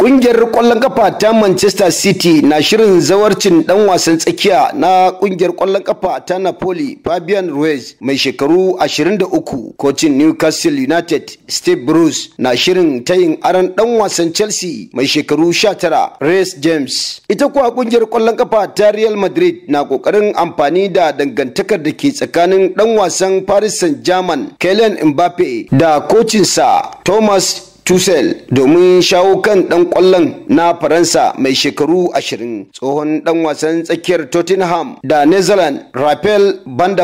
Ƙungiyar ƙwallon kafa ta Manchester City na shirin zawarcin ɗan wasan tsakiya na ƙungiyar ƙwallon kafa ta Napoli Fabian Ruiz mai shekaru 23. Kocin Newcastle United Steve Bruce na shirin tayin aron ɗan wasan Chelsea mai shekaru 19 Reyes James. Ita kuwa ƙungiyar ƙwallon ƙafa ta Real Madrid na ƙoƙarin amfani da dangantakar da ke tsakanin ɗan wasan Paris Saint-Germain Kylian Mbappe da kocinsa Thomas (Tusel) domin shawo kan ɗan ƙwallon na Faransa mai shekaru ashirin. tsohon ɗan wasan tsakiyar Tottenham da Netherlands Rafael van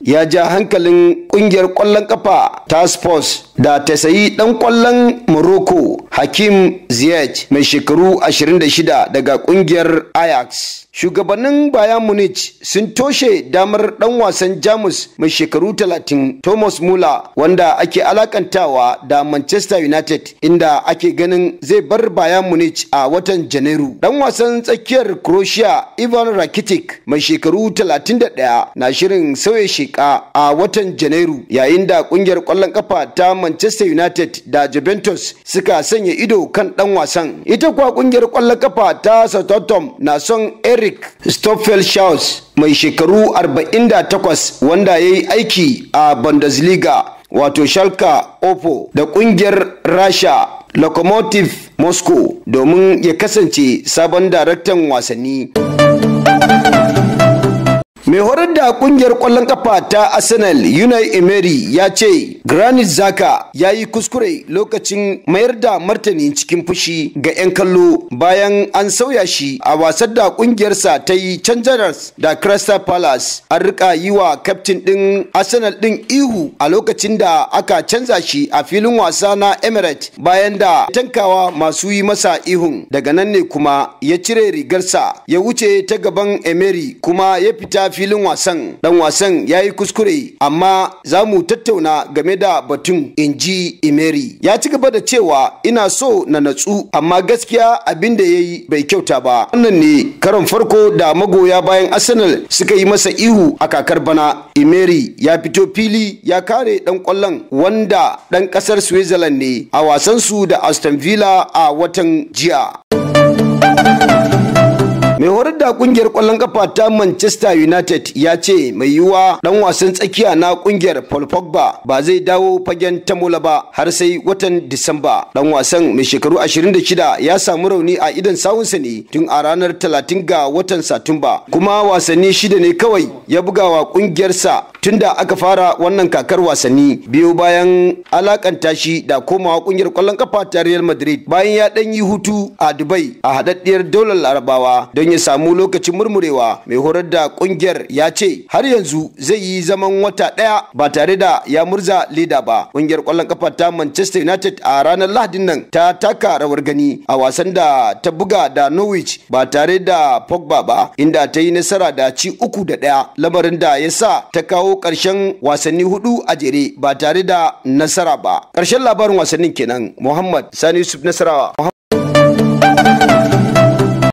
ya ja hankalin ƙungiyar ƙwallon ƙafa ta Spurs da ta sayi ɗan ƙwallon Morocco Hakim Ziyech mai shekaru da shida daga ƙungiyar Ajax. Shugabannin Bayern Munich sun toshe damar ɗan wasan Jamus mai shekaru 30 Thomas Muller wanda ake alakantawa da Manchester United inda ake ganin zai bar Bayern Munich a watan Janairu. Ɗan wasan tsakiyar Croatia Ivan Rakitic mai shekaru 31 na shirin sauya sheka a watan Janairu yayin da ƙungiyar kwallon kafa ta Manchester United da Juventus suka sanya ido kan ɗan wasan. Ita kuwa ƙungiyar kwallon kafa ta Southampton na son Eric Henrik Stoffelschhaus mai shekaru 48 wanda ya yi aiki a Bundesliga wato Schalke Opo da ƙungiyar Rasha Lokomotiv Moscow domin ya kasance sabon daraktan wasanni. mai horar da kungiyar kwallon kafa ta arsenal unai emery ya ce granit zaka ya yi kuskure lokacin mayar da martani cikin fushi ga 'yan kallo bayan an sauya shi a wasar da kungiyarsa ta yi canjaras da crystal palace an rika yi wa kaftin din arsenal din ihu a lokacin da aka canza shi a filin wasa na emirates bayan da tankawa masu yi masa ihun daga nan ne kuma ya cire rigarsa ya wuce ta gaban emery kuma ya fita filin wasan dan wasan ya yi kuskure amma za mu tattauna game da batun in ji imeri ya ci gaba da cewa ina so na natsu amma gaskiya abin da ya yi bai kyauta ba wannan ne karon farko da magoya bayan arsenal suka yi masa ihu a kakar bana imeri ya fito fili ya kare dan kwallon wanda dan kasar switzerland ne a wasansu da aston villa a watan jiya mai horar da kungiyar kwallon kafa ta Manchester United ya ce mai yiwuwa dan wasan tsakiya na kungiyar Paul Pogba ba zai dawo fagen tamola ba har sai watan Disamba dan wasan mai shekaru 26 ya samu rauni a idan sawunsa ne tun a ranar 30 ga watan Satumba kuma wasanni shida ne kawai ya buga wa kungiyarsa tunda aka fara wannan kakar wasanni biyo bayan alakanta shi da komawa kungiyar kwallon kafa ta Real Madrid bayan ya dan yi hutu a Dubai a haɗaɗɗiyar daular Larabawa don ya samu lokacin murmurewa mai horar da kungiyar ya ce har yanzu zai yi zaman wata daya ba tare da ya murza leda ba kungiyar kwallon kafa ta Manchester United a ranar Lahadin nan ta taka rawar gani a wasan da ta buga da Norwich ba tare da Pogba ba inda ta yi nasara da ci uku da daya lamarin da ya sa ta kawo karshen wasanni hudu a jere ba tare da nasara ba ƙarshen labarin wasannin kenan Muhammad Sani Yusuf Nasarawa